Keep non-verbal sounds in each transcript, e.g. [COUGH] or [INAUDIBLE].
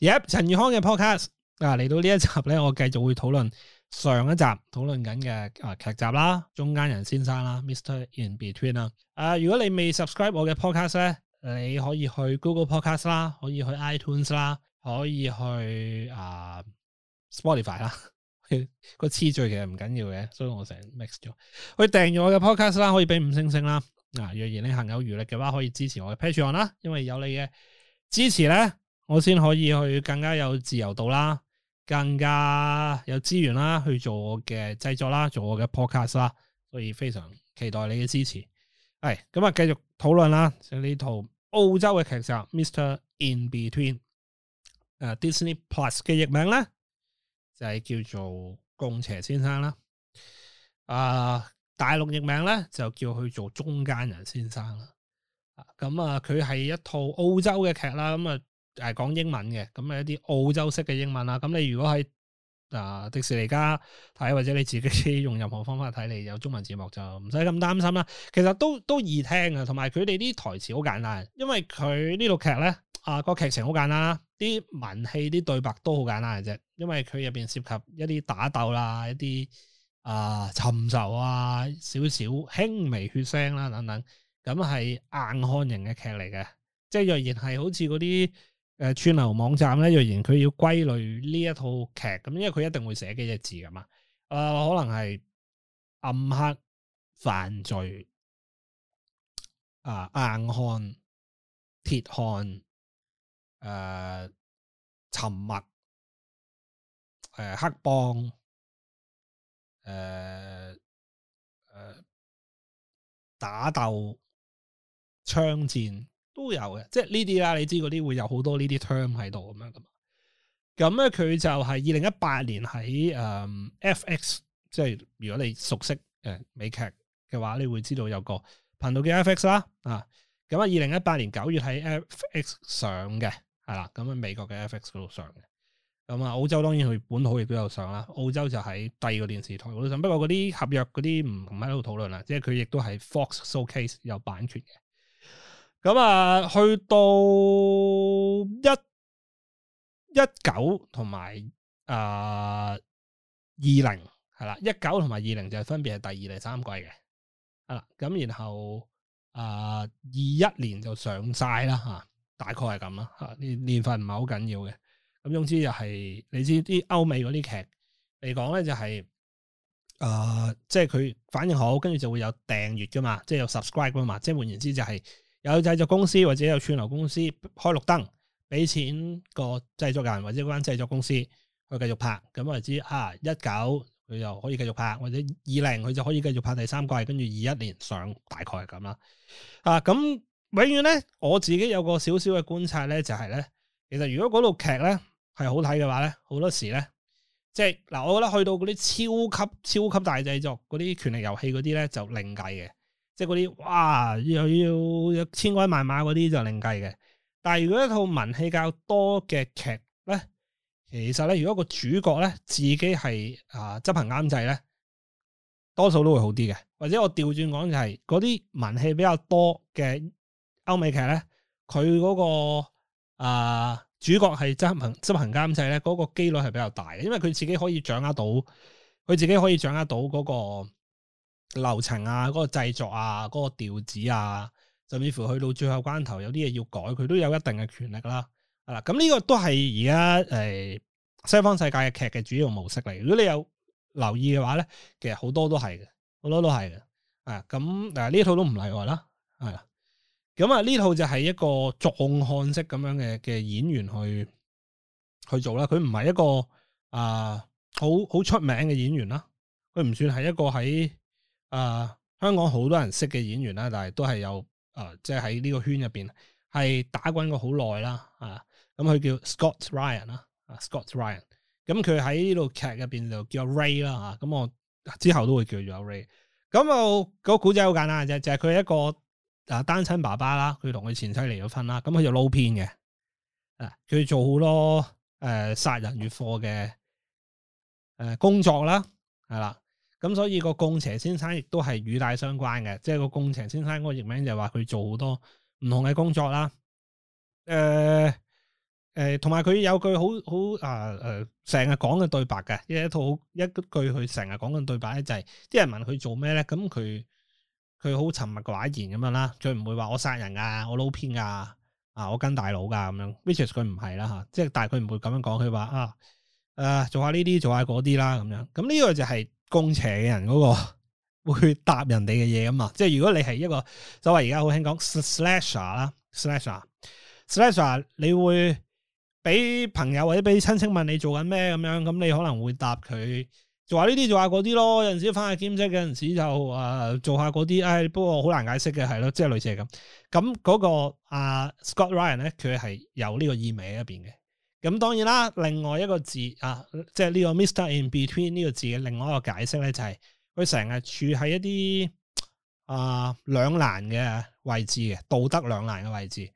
yep 陳宇康嘅 podcast 啊，嚟到呢一集咧，我繼續會討論上一集討論緊嘅啊劇集啦，中間人先生啦，Mr. Inbetween 啦。啊，如果你未 subscribe 我嘅 podcast 咧，你可以去 Google Podcast 啦，可以去 iTunes 啦，可以去啊 Spotify 啦。個 [LAUGHS] 次序其實唔緊要嘅，所以我成日 mix 咗。可以訂閱我嘅 podcast 啦，可以俾五星星啦。啊，若然你行有餘力嘅話，可以支持我嘅 Patreon 啦，因為有你嘅支持咧。我先可以去更加有自由度啦，更加有資源啦，去做我嘅製作啦，做我嘅 podcast 啦，所以非常期待你嘅支持。係咁啊，繼、嗯、續討論啦，就呢、是、套澳洲嘅劇集《Mr Inbetween》啊。誒，Disney Plus 嘅譯名咧就係、是、叫做《共邪先生》啦。誒、啊，大陸譯名咧就叫佢做《中間人先生》啦。咁啊，佢係一套澳洲嘅劇啦，咁、嗯、啊。係講英文嘅，咁係一啲澳洲式嘅英文啦。咁你如果喺啊、呃、迪士尼加睇，或者你自己用任何方法睇，你有中文字幕就唔使咁擔心啦。其實都都易聽啊，同埋佢哋啲台詞好簡單，因為佢呢套劇咧啊個劇情好簡單，啲文戲啲對白都好簡單嘅啫。因為佢入邊涉及一啲打鬥啦、啊，一啲啊、呃、尋仇啊少少輕微血腥啦等等，咁係硬漢型嘅劇嚟嘅，即係若然係好似嗰啲。誒串流網站咧，若然佢要歸類呢一套劇，咁因為佢一定會寫幾隻字㗎嘛，誒、呃、可能係暗黑犯罪、啊、呃、硬漢、鐵漢、誒、呃、沉默、誒、呃、黑幫、誒、呃、誒、呃、打鬥、槍戰。都有嘅，即係呢啲啦。你知嗰啲會有好多呢啲 term 喺度咁樣噶嘛？咁咧佢就係二零一八年喺誒、嗯、FX，即係如果你熟悉誒美劇嘅話，你會知道有個頻道嘅 FX 啦。啊，咁啊，二零一八年九月喺 FX 上嘅，係啦，咁啊美國嘅 FX 嗰度上嘅。咁啊，澳洲當然佢本土亦都有上啦。澳洲就喺第二個電視台嗰度上，不過嗰啲合約嗰啲唔唔喺度討論啦。即係佢亦都係 Fox Showcase 有版權嘅。咁啊，去到一一九同埋啊二零係啦，一九同埋、呃、二,二零就係分別係第二、第三季嘅，係啦，咁然後啊、呃、二一年就上晒啦吓，大概係咁啦吓，啲年份唔係好緊要嘅。咁總之就係、是、你知啲歐美嗰啲劇嚟講咧，就係誒，即係佢反應好，跟住就會有訂閱噶嘛，即、就、係、是、有 subscribe 噶嘛，即、就、係、是、換言之就係、是。有製作公司或者有串流公司開綠燈，俾錢個製作人或者嗰間製作公司去繼續拍，咁我就知啊一九佢就可以繼續拍，或者二零佢就可以繼續拍第三季，跟住二一年上大概係咁啦。啊，咁永遠咧我自己有個少少嘅觀察咧，就係咧，其實如果嗰套劇咧係好睇嘅話咧，好多時咧即係嗱，我覺得去到嗰啲超級超級大製作嗰啲權力遊戲嗰啲咧就另計嘅。即係嗰啲，哇，要要千軍萬馬嗰啲就另計嘅。但係如果一套文戲較多嘅劇咧，其實咧，如果個主角咧自己係啊、呃、執行監製咧，多數都會好啲嘅。或者我調轉講就係嗰啲文戲比較多嘅歐美劇咧，佢嗰、那個啊、呃、主角係執行執行監製咧，嗰、那個機率係比較大嘅，因為佢自己可以掌握到，佢自己可以掌握到嗰、那個。流程啊，嗰個製作啊，嗰個調子啊，甚至乎去到最後關頭有啲嘢，要改，佢都有一定嘅權力啦。係啦，咁呢個都係而家誒西方世界嘅劇嘅主要模式嚟。如果你有留意嘅話咧，其實好多都係嘅，好多都係嘅。啊，咁啊呢套都唔例外啦。係啦，咁啊呢套就係一個壯漢式咁樣嘅嘅演員去去做啦。佢唔係一個啊好好出名嘅演員啦，佢唔算係一個喺。啊、呃，香港好多人識嘅演員啦，但係都係有即係喺呢個圈入邊，係打滾過好耐啦，啊，咁佢叫 Scott Ryan 啦、啊，啊 Scott Ryan，咁佢喺呢度劇入邊就叫 Ray 啦、啊，咁我之後都會叫做 Ray。咁啊、個古仔好簡單就就係佢係一個啊單親爸爸啦，佢同佢前妻離咗婚啦，咁佢就撈偏嘅，啊，佢做好多誒、啊、殺人越貨嘅、啊、工作啦，係、啊、啦。咁所以個共邪先生亦都係與大相關嘅，即、就、係、是、個共邪先生嗰個譯名就話佢做好多唔同嘅工作啦，誒、呃、誒，同埋佢有，有句好好啊誒，成日講嘅對白嘅，一,一套一句佢成日講嘅對白咧、就是，就係啲人問佢做咩咧，咁佢佢好沉默寡言咁樣啦，佢唔會話我殺人噶、啊，我撈偏噶，啊我跟大佬噶咁樣 which is 佢唔係啦吓，即係但係佢唔會咁樣講，佢話啊誒做下呢啲，做下嗰啲啦咁樣，咁呢個就係、是。公邪嘅人嗰、那個會答人哋嘅嘢啊嘛，即係如果你係一個所謂而家好興講 slasher 啦 slasher slasher 你會俾朋友或者俾親戚問你做緊咩咁樣，咁你可能會答佢，就話呢啲就話嗰啲咯，有陣時翻去兼職，有陣時就誒、呃、做一下嗰啲，唉，不過好難解釋嘅，係咯，即、就、係、是、類似咁。咁嗰、那個阿、啊、Scott Ryan 咧，佢係有呢個意味喺入邊嘅。咁當然啦，另外一個字啊，即係呢、這個 Mr. In Between 呢、這個字嘅另外一個解釋咧，就係佢成日處喺一啲啊、呃、兩難嘅位置嘅道德兩難嘅位置。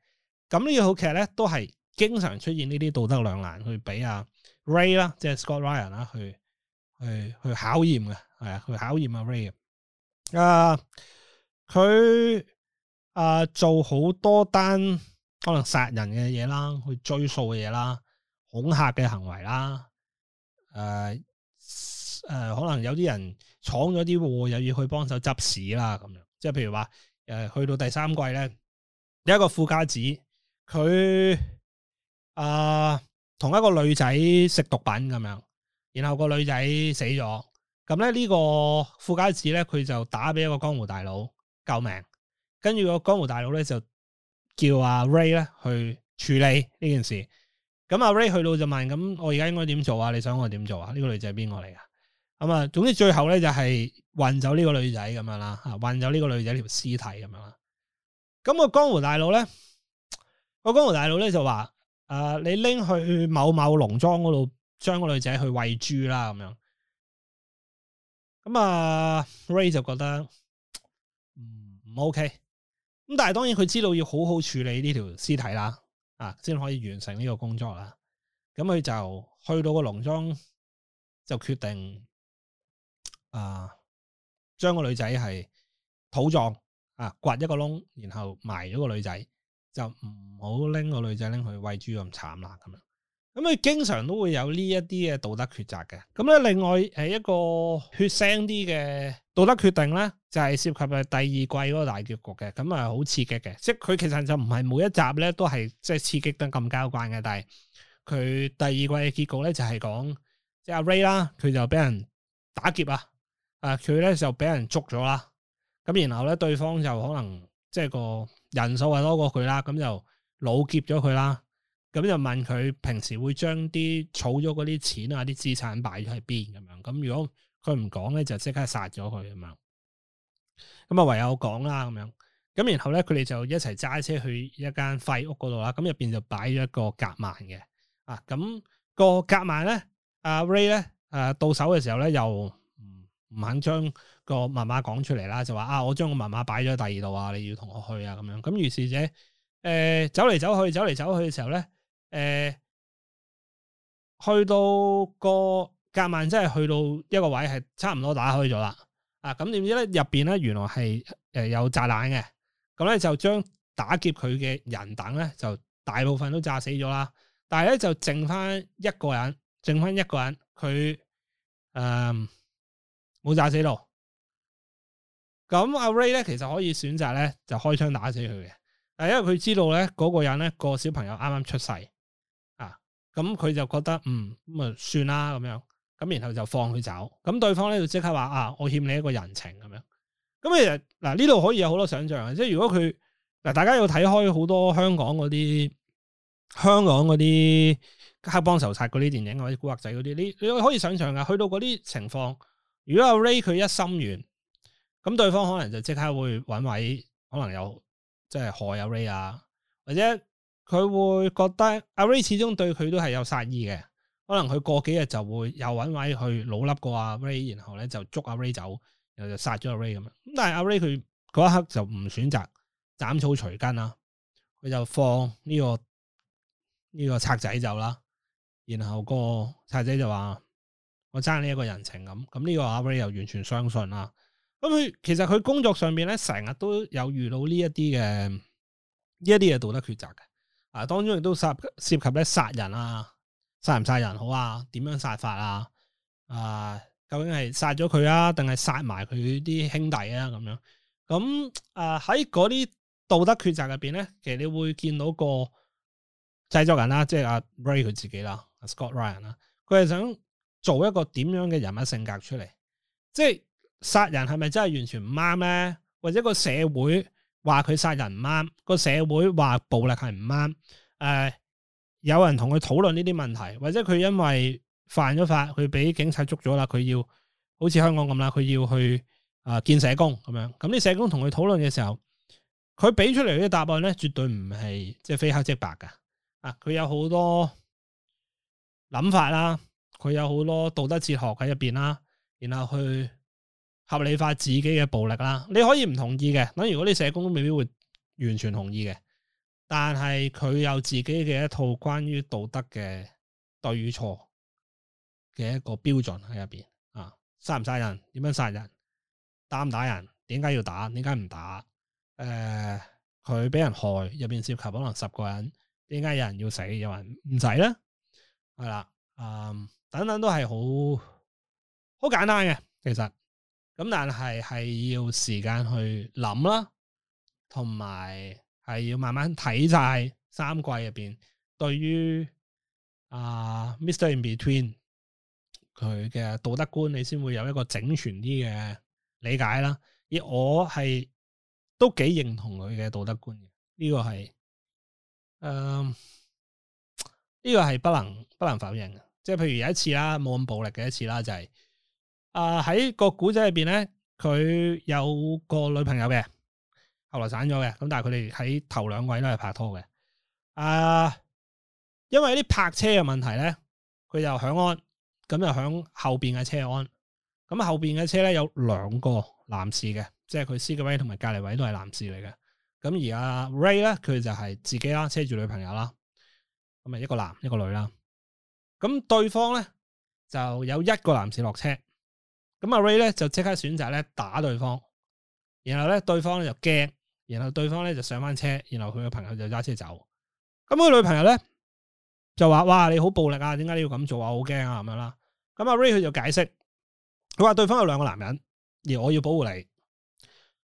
咁呢套劇咧都係經常出現呢啲道德兩難去俾啊 Ray 啦、啊，即係 Scott Ryan 啦、啊，去去去考驗嘅，係啊，去考驗阿、啊、Ray。啊，佢啊做好多單可能殺人嘅嘢啦，去追訴嘅嘢啦。恐嚇嘅行為啦，誒、呃、誒、呃，可能有啲人闖咗啲禍，又要去幫手執屎啦，咁樣，即係譬如話，誒、呃，去到第三季咧，有一個富家子，佢啊同一個女仔食毒品咁樣，然後個女仔死咗，咁咧呢、這個富家子咧，佢就打俾一個江湖大佬救命，跟住個江湖大佬咧就叫阿、啊、Ray 咧去處理呢件事。咁阿 Ray 去到就問：咁我而家應該點做啊？你想我點做啊？呢個女仔邊個嚟噶？咁啊，總之最後咧就係運走呢個女仔咁樣啦，啊，運走呢個女仔條屍體咁樣。咁個江湖大佬咧，個江湖大佬咧就話：誒，你拎去某某農莊嗰度，將個女仔去喂豬啦咁樣。咁啊，Ray 就覺得，唔 OK。咁但係當然佢知道要好好處理呢條屍體啦。啊，先可以完成呢個工作啦。咁佢就去到個農莊，就決定啊，將個女仔係土葬啊，掘一個窿，然後埋咗個女仔，就唔好拎個女仔拎去喂豬咁慘啦。咁樣，咁佢經常都會有呢一啲嘅道德抉擇嘅。咁咧，另外係一個血腥啲嘅。道德決定咧，就係、是、涉及嘅第二季嗰個大結局嘅，咁啊好刺激嘅。即係佢其實就唔係每一集咧都係即係刺激得咁交關嘅，但係佢第二季嘅結局咧就係、是、講即係阿 Ray 啦，佢就俾人打劫啊！啊佢咧就俾人捉咗啦，咁然後咧對方就可能即係個人數係多過佢啦，咁就老劫咗佢啦，咁就問佢平時會將啲儲咗嗰啲錢啊、啲資產擺咗喺邊咁樣。咁如果佢唔講呢，那就即刻殺咗佢咁樣。咁啊，唯有講啦咁樣。咁然後呢，佢哋就一齊揸車去一間廢屋嗰度啦。咁入邊就擺咗一個夾萬嘅。咁、啊、個夾萬呢，阿、啊、Ray 呢，啊、到手嘅時、啊呃、時候呢，又唔唔肯將個密碼講出嚟啦。就話啊，我將個密碼擺咗第二度啊，你要同我去啊，咁樣。咁於是者，走嚟走去，走嚟走去嘅時候呢，去到、那個。隔萬真係去到一個位係差唔多打開咗啦，啊咁點知咧入邊咧原來係誒有炸彈嘅，咁咧就將打劫佢嘅人等咧就大部分都炸死咗啦，但係咧就剩翻一個人，剩翻一個人，佢誒冇炸死到，咁阿 Ray 咧其實可以選擇咧就開槍打死佢嘅，但係因為佢知道咧嗰個人咧、個小朋友啱啱出世啊，咁佢就覺得嗯咁啊算啦咁樣。咁然後就放佢走，咁對方咧就即刻話啊，我欠你一個人情咁樣。咁其實嗱呢度可以有好多想象，即係如果佢嗱，大家要睇開好多香港嗰啲香港嗰啲黑幫仇殺嗰啲電影或者古惑仔嗰啲，你你可以想象噶，去到嗰啲情況，如果阿 Ray 佢一心願，咁對方可能就即刻會揾位，可能有即係害阿 Ray 啊，或者佢會覺得阿 Ray 始終對佢都係有殺意嘅。可能佢過幾日就會又揾位去老笠個阿 Ray，然後咧就捉阿 Ray 走，然後就殺咗阿 Ray 咁樣。咁但係阿 Ray 佢嗰一刻就唔選擇斬草除根啦，佢就放呢個呢個賊仔走啦。然後個賊仔就話：我爭呢一個人情咁。咁呢個阿 Ray 又完全相信啦。咁佢其實佢工作上面咧成日都有遇到呢一啲嘅呢一啲嘅道德抉擇嘅。啊，當中亦都涉涉及咧殺人啊。殺唔殺人好啊？點樣殺法啊？啊，究竟係殺咗佢啊，定係殺埋佢啲兄弟啊？咁樣咁啊？喺嗰啲道德抉擇入邊咧，其實你會見到個製作人啦、啊，即係阿 Ray 佢自己啦、啊，阿 Scott Ryan 啦、啊，佢係想做一個點樣嘅人物性格出嚟？即係殺人係咪真係完全唔啱咧？或者個社會話佢殺人唔啱，個社會話暴力係唔啱？誒、呃？有人同佢討論呢啲問題，或者佢因為犯咗法，佢俾警察捉咗啦，佢要好似香港咁啦，佢要去啊見、呃、社工咁樣。咁啲社工同佢討論嘅時候，佢俾出嚟嘅答案咧，絕對唔係即係非黑即白噶。啊，佢有好多諗法啦，佢有好多道德哲學喺入邊啦，然後去合理化自己嘅暴力啦。你可以唔同意嘅，咁如果你社工都未必會完全同意嘅。但是佢有自己嘅一套關於道德嘅對與錯嘅一個標準喺入面。啊，殺唔殺人？點樣殺人？打唔打人？點解要打？點解唔打？誒、呃，佢俾人害，入邊涉及可能十個人，點解有人要死，有人唔死呢？係啦、呃，等等都係好，好簡單嘅其實，咁但係係要時間去諗啦，同埋。係要慢慢睇晒三季入邊，對於啊、呃、Mr. In Between 佢嘅道德觀，你先會有一個整全啲嘅理解啦。而我係都幾認同佢嘅道德觀嘅，呢、這個係誒呢個係不能不能否認嘅。即、就、係、是、譬如有一次啦，冇咁暴力嘅一次啦，就係啊喺個故仔入邊咧，佢有個女朋友嘅。後來散咗嘅，咁但係佢哋喺頭兩位都係拍拖嘅。啊，因為啲泊車嘅問題咧，佢就響安，咁就響後邊嘅車安。咁後邊嘅車咧有兩個男士嘅，即係佢司機位同埋隔籬位都係男士嚟嘅。咁而阿 Ray 咧，佢就係自己啦，車住女朋友啦。咁啊，一個男一個女啦。咁對方咧就有一個男士落車，咁阿 Ray 咧就即刻選擇咧打對方，然後咧對方咧就驚。然後對方咧就上翻車，然後佢嘅朋友就揸車走。咁個女朋友咧就話：哇，你好暴力啊！點解你要咁做啊？好驚啊！咁樣啦。咁阿 Ray 佢就解釋：佢話對方有兩個男人，而我要保護你，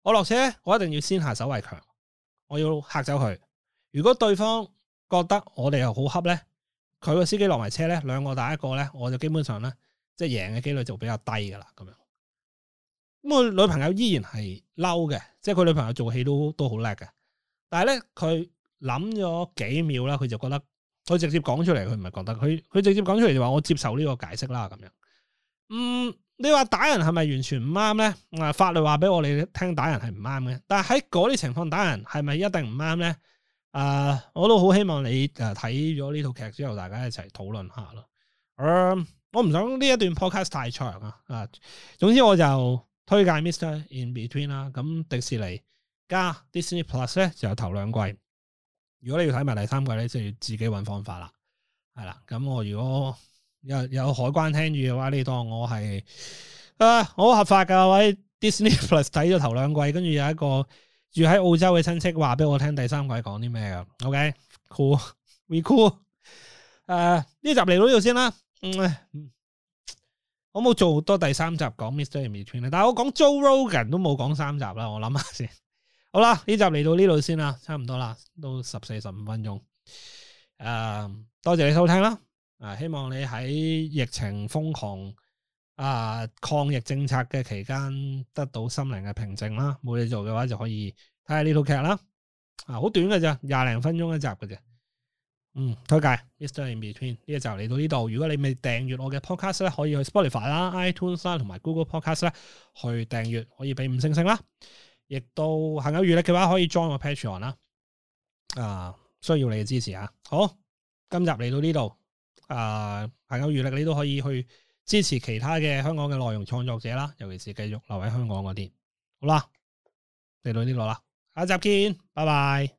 我落車，我一定要先下手為強，我要吓走佢。如果對方覺得我哋又好恰咧，佢個司機落埋車咧，兩個打一個咧，我就基本上咧即係贏嘅幾率就比較低噶啦，咁樣。咁佢女朋友依然係嬲嘅，即係佢女朋友做戲都都好叻嘅，但係咧佢諗咗幾秒啦，佢就覺得佢直接講出嚟，佢唔係覺得佢佢直接講出嚟就話我接受呢個解釋啦咁樣。嗯，你話打人係咪完全唔啱咧？啊，法律話俾我哋聽打人係唔啱嘅，但係喺嗰啲情況打人係咪一定唔啱咧？啊、呃，我都好希望你誒睇咗呢套劇之後，大家一齊討論下咯、呃。我我唔想呢一段 podcast 太長啊。啊、呃，總之我就。推介 Mr. In Between 啦，咁迪士尼加 Disney Plus 咧就有頭兩季。如果你要睇埋第三季咧，就要自己搵方法啦。係啦，咁我如果有有海關聽住嘅話，呢當我係啊好合法噶位。Disney Plus 睇咗頭兩季，跟住有一個住喺澳洲嘅親戚話俾我聽第三季講啲咩啊。OK，cool，we、okay? cool, cool.、呃。誒，呢集嚟到呢度先啦。嗯我冇做多第三集講 Mr. Inbetween，但係我講 Joe Rogan 都冇講三集啦。我諗下先，好啦，呢集嚟到呢度先啦，差唔多啦，都十四十五分鐘。誒、嗯，多謝你收聽啦。希望你喺疫情瘋狂啊、呃、抗疫政策嘅期間，得到心靈嘅平靜啦。冇嘢做嘅話，就可以睇下呢套劇啦。啊，好短㗎咋，廿零分鐘一集㗎咋。嗯，推、OK，介，Mr Inbetween 呢就嚟到呢度。如果你未訂閱我嘅 podcast 咧，可以去 Spotify 啦、iTunes 啦，同埋 Google Podcast 咧去訂閱，可以俾五星星啦。亦都行有餘力嘅話，可以 join 我 Patreon 啦。啊，需要你嘅支持啊！好，今集嚟到呢度。啊，行有餘力，你都可以去支持其他嘅香港嘅內容創作者啦，尤其是繼續留喺香港嗰啲。好啦，嚟到呢度啦，下集見，拜拜。